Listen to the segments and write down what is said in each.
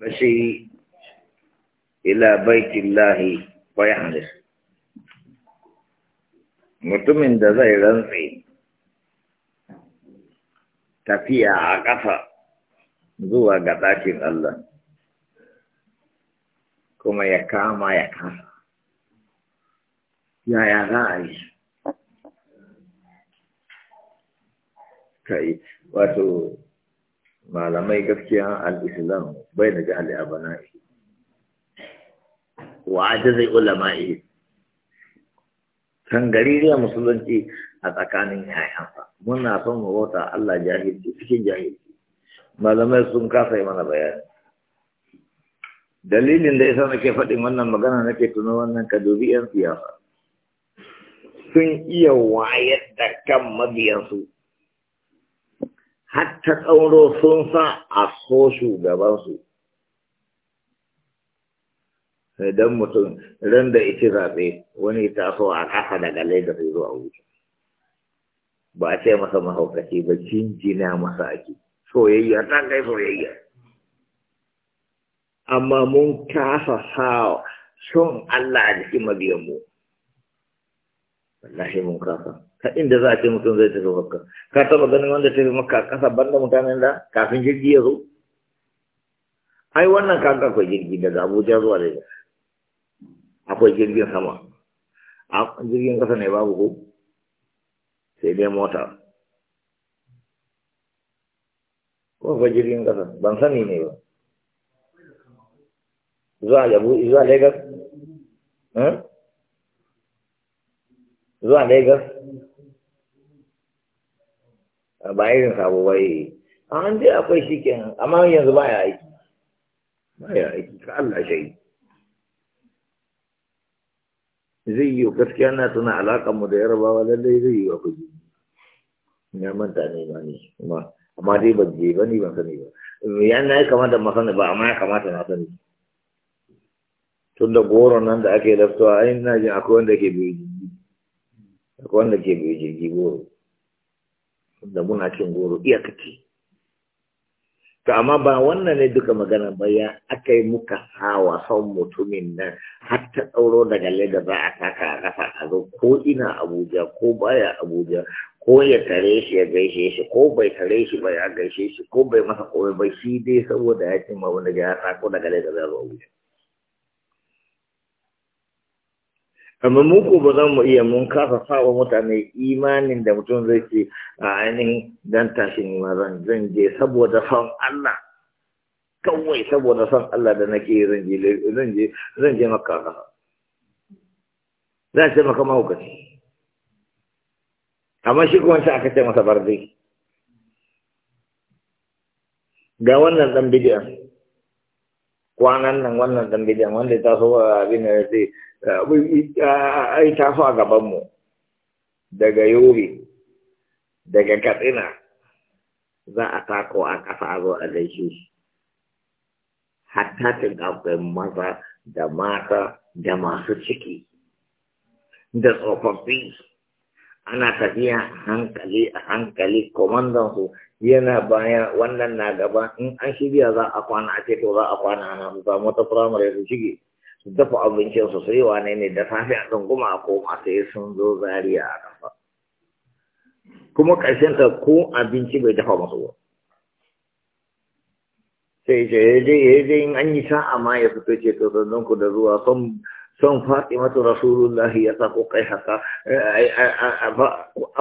ila إلى lahi bayan ويحرس mutumin da zai rantse tafiya a ƙafa zuwa ga ɗakin Allah kuma ya kama ya kasa yaya za a yi kai wato malamai gaskiya al-islam bai da jahali a bana'i wa ajizai ulama'i zai musulunci a tsakanin yayansa muna son mu Allah jahilci cikin jahilci malamai sun kasa yi mana bayani dalilin da isa nake faɗin wannan magana nake tuno wannan ka 'yan siyasa sun iya wayar da kan mabiyansu hatta ƙauro sun sa a so shugabansu don mutum ran da ita zaɓe wani so a ƙasa daga lagos zuwa wuce ba a ce masa mahaukaci ba jinjina masa ake soyayya ta kai soyayya amma mun kasa sa son Allah a jikin mabiyanmu wallahi mun kasa ta inda za a ce mutum zai tafi makka ka taɓa ganin wanda tafi makka a ƙasa banda mutanen da kafin jirgi ya zo ai wannan kaga akwai jirgi daga abuja zuwa lagos akwai jirgin sama jirgin ƙasa ne babu ko sai dai mota ko akwai jirgin ƙasa ban sani ne ba zuwa zuwa lagos hmm? zuwa lagos ba irin sabo A eh. an dai akwai shi ke amma yanzu ba ya aiki ba ya aiki ka Allah shai zai yi gaskiya na tuna alaƙa mu da yarabawa lallai zai yi wa kuji ya manta ne ma ne amma dai ban je ba ni ban sani ba ya na ya kamata ma sani ba amma ya kamata na sani tun da goron nan da ake laftawa ai na jin akwai wanda ke biyu jirgi akwai wanda ke biyu jirgi goro da muna cin goro iyakaci to amma ba wannan ne duka magana ba ya aka yi muka hawa son mutumin nan har ta tsauro daga leda za a taka a kasa a zo ko ina abuja ko baya abuja ko ya tare shi ya gaishe shi ko bai tare shi ba ya gaishe shi ko bai masa komai ba shi dai saboda ya ma wani ya tsako daga leda za a zo abuja amma mu ko ba za mu iya mun kasa sawa mutane imanin da mutum zai ce a ainihin dan tashin ma zan zan je saboda son Allah kawai saboda son Allah da nake zan je zan je zan je makka za ce maka mahaukaci amma shi kuma sai aka ce masa barzi ga wannan dan bidiyan kwanan nan wannan dan bidiyan wanda ya taso abin da zai Eh, eh, ai taso a gabanmu daga yobe daga katsina za a tako a ƙasa a zo a gaishe shi hatta tun akwai maza da mata da masu ciki da tsofaffi ana tafiya hankali a hankali komandansu yana bayan wannan na gaba in an shirya za a kwana a ce za a kwana za samu ta firamare su shige su dafa abincin su yi wane ne da safe a tsunguma a masu sai sun zo zariya a kafa kuma ƙarshen ta ko abinci bai dafa masu ba sai ce ya je ya je in an yi sa'a ma ya fito ce to sannan ku da zuwa son son masu rasulullah ya sa ko kai haka eh, an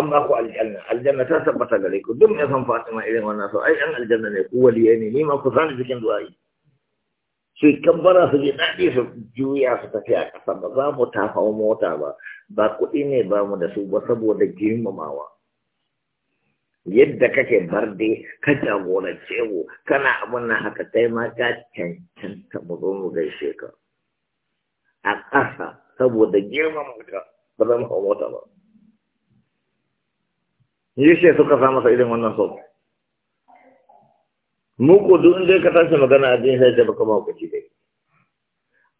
ba ku aljanna aljanna ta tabbata gare ku duk mai son faɗi ma irin wannan so ai an aljanna ne ku waliyai ne ni ma ku sani cikin yi su bara su je daɗi su juya su tafi a ƙasa ba za mu tafa mota ba ba kuɗi ne ba mu da su ba saboda girmamawa yadda kake barde ka jagorance mu kana abin nan haka kai ma ka cancanta mu zo mu gaishe ka a ƙasa saboda girmama ba za mu hau mota ba. shi suka sa masa irin wannan sau mu ko duk inda ka tashi magana a jin sai da baka ma kuci dai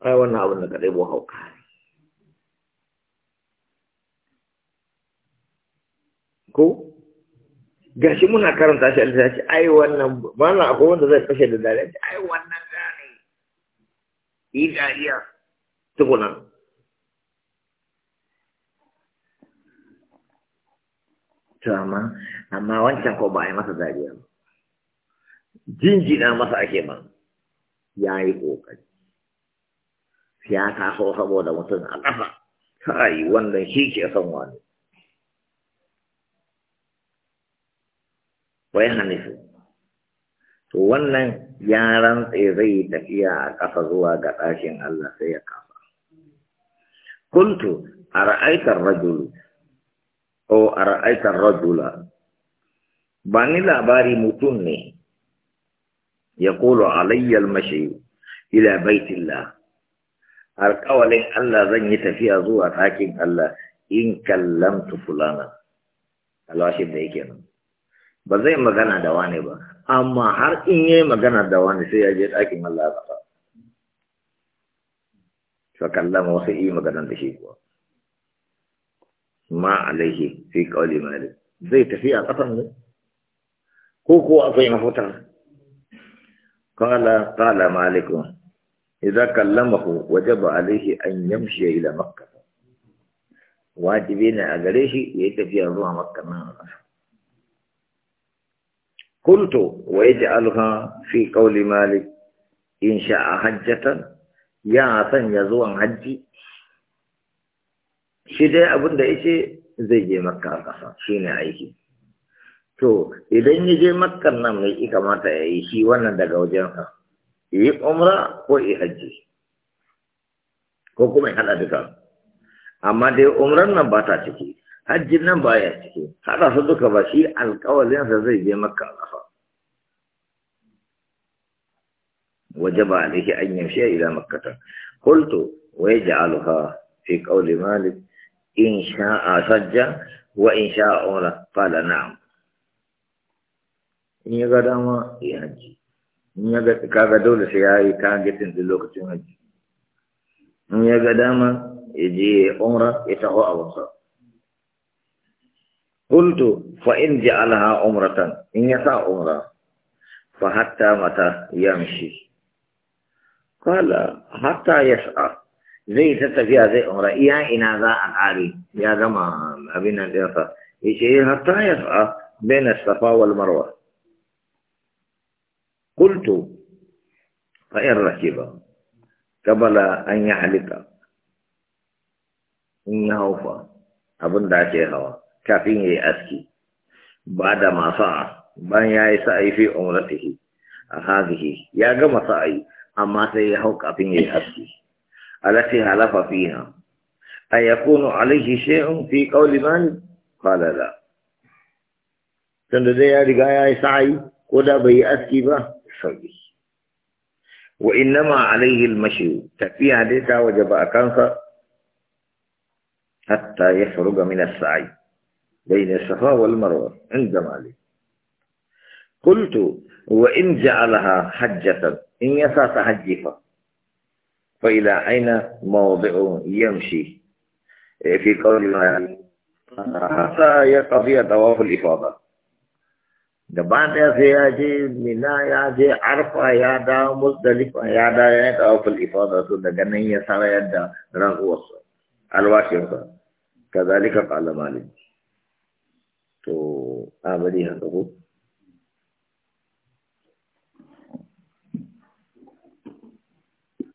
ai wannan abin da ka dai bo hauka ko gashi muna karanta shi Allah ya ce ai wannan mana akwai wanda zai fashe da dare ai wannan gane yi dariya tukuna to amma amma wancan ko ba a yi masa dariya ba jinjina masa ake ma ya yi ƙoƙari ya taso saboda mutum a ƙasa kai wannan shi ke son wani wai hannu to wannan yaran tsaye zai tafiya a ƙasa zuwa ga ɗakin Allah sai ya kafa kuntu a ra'aitar rajulu ko a ra'aitar rajula ba ni labari mutum ne يقول علي المشي إلى بيت الله القول ألا زن يتفي أزوى تاكين ألا إن كلمت فلانا الله شيء ذيك ba zai magana da wani ba amma har in yi magana da wani sai ya je ɗakin Allah ya faɗa fa kallama wasu yi magana da shi kuwa ma alaihi fi qawli malik zai tafi a kafan ne ko ko akwai mafuta Kala kala malikun, idan kallamahu wajaba alaihi an yamshi ya ila makka. Wajibi ne a gare shi ya yi tafiya zuwa makka nan a ƙasa. Kultu wa ya ji fi ƙauli malik in sha a hajjatan ya sanya zuwan hajji. Shi dai abinda da ya ce zai je makka a ƙasa shi ne aiki. to idan ya je makkan nan mai i kamata ya yi shi wannan daga wajen ka, yi umra ko yi hajji ko kuma yi haɗa duka amma dai umran nan ba ta ciki hajjin nan ba ya ciki haɗa su duka ba shi alƙawalinsa zai je makka ƙafa وجب عليه wai ji إلى fi قلت ويجعلها In sha a sajjan, wa in sha a umra, Fada na'am. in ya ga dama ya haji in ya ga kaga dole sai ya yi targetin duk lokacin haji in ya ga dama ya je umra ya taho a wasa qultu fa in ja'alaha umratan in ya sa umra fa hatta mata ya mishi. qala hatta ya yas'a zai ta tafiya zai umra iya ina za a ƙare ya gama abin nan ya ce eh, hatta ya sa bai na safa wal marwa قلت فإن ركب قبل أن يحلق إن يهوفا abin da ake hawa kafin ya yi aski ba da masa ban ya yi sa'ayi fi umratihi a hazihi ya gama sa'ayi amma sai ya hau kafin ya yi aski alati halafa fiha a yakunu alaihi shay'un fi qawli man qala la tunda dai ya riga ya yi sa'ayi ko da bai yi aski ba sauki wa innama alaihi almashi tafiya dai ta wajaba a kansa hatta ya faruga min as-sa'i bayna safa wal marwa inda malik qultu wa in ja'alaha hajjatan in yasa ta hajjifa fa ila aina mawdi'u yamshi fi qawli hatta yaqdi tawaf al-ifada gaba ɗaya sai ya je mina ya je arfa ya dawo musdalifa ya dawo ya dawo da ganin daga nan ya sara yadda rantsuwarsa alwashinsa ka zalika ƙala to amiri haka ko